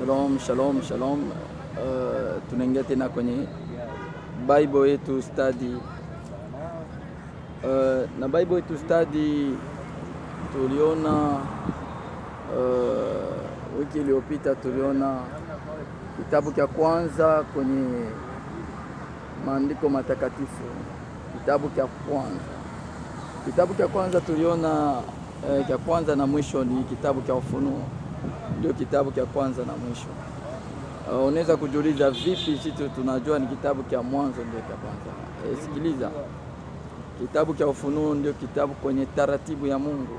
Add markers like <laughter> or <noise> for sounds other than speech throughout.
Shalom, shalom, shalom. Uh, tunaingia tena kwenye Bible yetu study. Uh, na Bible yetu study tuliona uh, wiki iliyopita tuliona kitabu cha kwanza kwenye maandiko matakatifu. Kitabu cha kwanza, kitabu cha kwanza tuliona uh, kwanza na mwisho ni kitabu cha Ufunuo ndio kitabu cha kwanza na mwisho. Uh, unaweza kujiuliza vipi sisi tunajua ni kitabu cha mwanzo ndio cha kwanza? E, sikiliza, kitabu cha Ufunuo ndio kitabu kwenye taratibu ya Mungu.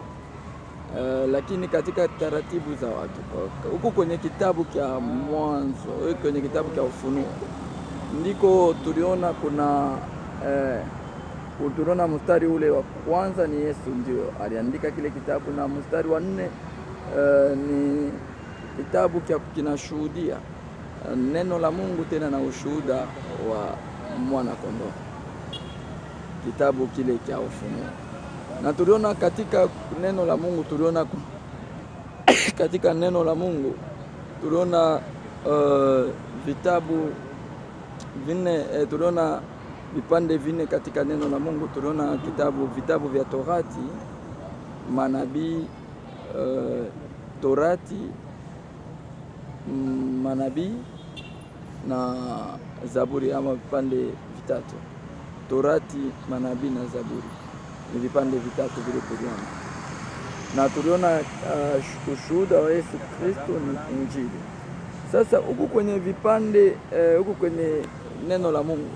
Uh, lakini katika taratibu za watu uh, huku kwenye kitabu cha Mwanzo, eh, kwenye kitabu cha Ufunuo ndiko tuliona kuna eh, tuliona mstari ule wa kwanza ni Yesu ndio aliandika kile kitabu, na mstari wa nne eh, ni Kitabu kinashuhudia eh, neno la Mungu tena na ushuhuda wa mwana kondoo, kitabu kile cha Ufunuo. Na tuliona katika neno la Mungu tuliona <coughs> katika neno la Mungu tuliona uh, vitabu vinne eh, tuliona vipande vinne katika neno la Mungu. Tuliona kitabu vitabu vya Torati, manabii uh, Torati manabii na Zaburi, ama vipande vitatu, Torati, manabii na Zaburi ni vipande vitatu vile tuliona, na tuliona uh, ushuhuda wa Yesu Kristo ni Injili. Sasa huku kwenye vipande uh, huku uh, kwenye neno la Mungu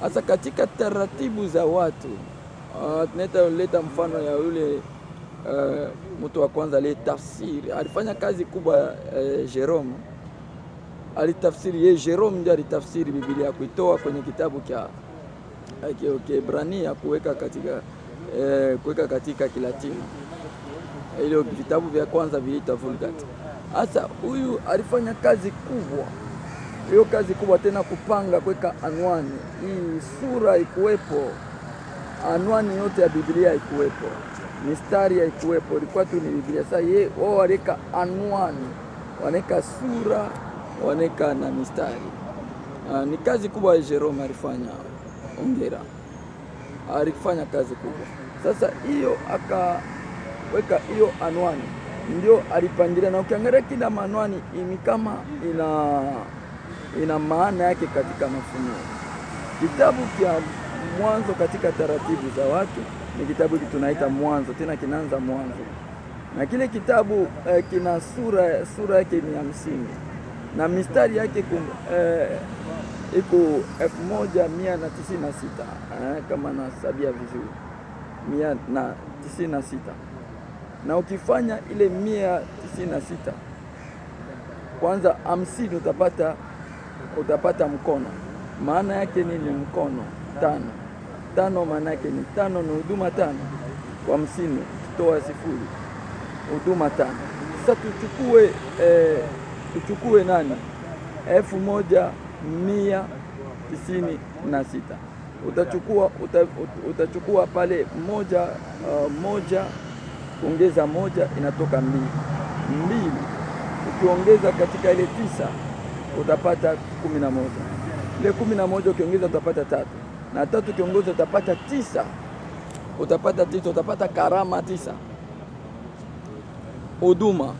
hasa katika taratibu za watu uh, tunaita leta mfano ya yule Eh, mtu wa kwanza aliyetafsiri alifanya kazi kubwa uh, Jerome alitafsiri yeye, Jerome ndiye alitafsiri Biblia kuitoa kwenye kitabu cha eh, Kiebrania kuweka katika eh, kuweka katika Kilatini. Ile vitabu vya kwanza viliita Vulgate. Hasa huyu alifanya kazi kubwa, hiyo kazi kubwa tena kupanga, kuweka anwani hii, sura ikuwepo, anwani yote ya Biblia ikuwepo mistari haikuwepo, ilikuwa tu ni Biblia. Sasa yeye wao waleka anwani, waneka sura, waneka na mistari. Uh, ni kazi kubwa Jerome alifanya, ongera, alifanya kazi kubwa. Sasa hiyo akaweka hiyo anwani, ndio alipangilia, na ukiangalia kila manwani ni kama ina ina maana yake katika mafunuo. Kitabu cha Mwanzo katika taratibu za watu ni kitabu tunaita Mwanzo, tena kinaanza Mwanzo, na kile kitabu eh, kina sura sura yake ni hamsini na mistari yake eh, iko elfu moja mia na tisini na sita eh, kama nasabia vizuri mia na tisini na sita na ukifanya ile mia tisini na sita kwanza hamsini utapata utapata mkono. Maana yake nini? Mkono tano Tano manake ni tano, ni huduma tano kwa hamsini, ukitoa sifuri, huduma tano. Sasa tuchukue eh, tuchukue nani, elfu moja mia tisini na sita utachukua uta, utachukua pale moja uh, moja kuongeza moja inatoka mbili mbili, ukiongeza katika ile tisa utapata kumi na moja ile kumi na moja ukiongeza utapata tatu na tatu kiongozi utapata tisa, utapata tisa, utapata karama tisa, huduma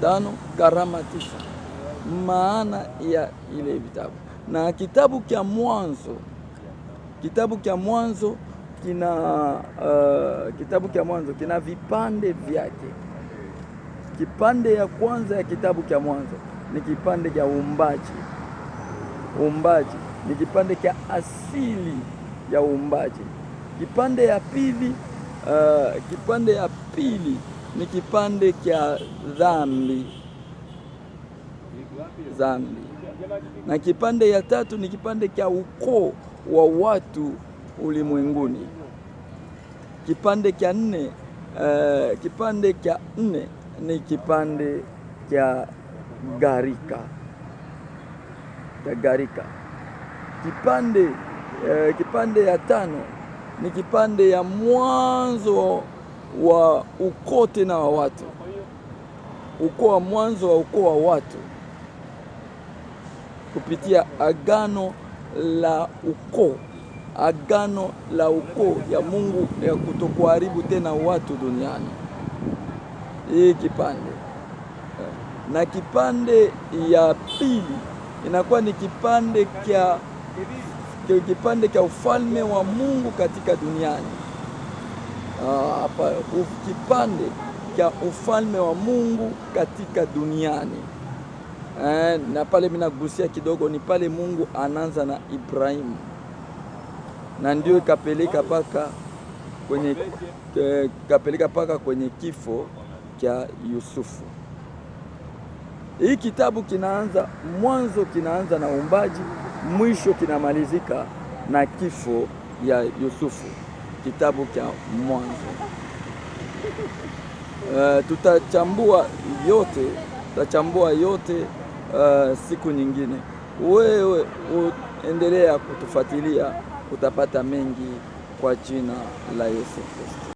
tano, karama tisa. Maana ya ile vitabu na kitabu kya mwanzo, kitabu kya mwanzo kina uh, kitabu kya mwanzo kina vipande vyake. Kipande ya kwanza ya kitabu kya mwanzo ni kipande cha uumbaji, uumbaji ni kipande cha asili ya uumbaji. Kipande ya pili uh, kipande ya pili ni kipande cha dhambi dhambi, na kipande ya tatu ni kipande cha ukoo wa watu ulimwenguni. Kipande cha nne uh, kipande cha nne ni kipande cha gharika cha gharika. Kipande eh, kipande ya tano ni kipande ya mwanzo wa ukoo tena wa watu, ukoo wa mwanzo wa ukoo wa watu kupitia agano la ukoo, agano la ukoo ya Mungu ya kutokuharibu tena watu duniani, hii kipande. Na kipande ya pili inakuwa ni kipande kya kipande cha ufalme wa Mungu katika duniani. Ah, hapa kipande cha ufalme wa Mungu katika duniani. eh, na pale minagusia kidogo ni pale Mungu ananza na Ibrahimu na ndio ikapeleka paka kwenye, kapeleka paka kwenye kifo cha Yusufu. Hii kitabu kinaanza mwanzo, kinaanza na uumbaji mwisho kinamalizika na kifo ya Yusufu, kitabu cha Mwanzo. Uh, tutachambua yote, tutachambua yote uh, siku nyingine. Wewe uendelea kutufuatilia, utapata mengi kwa jina la Yesu Kristo.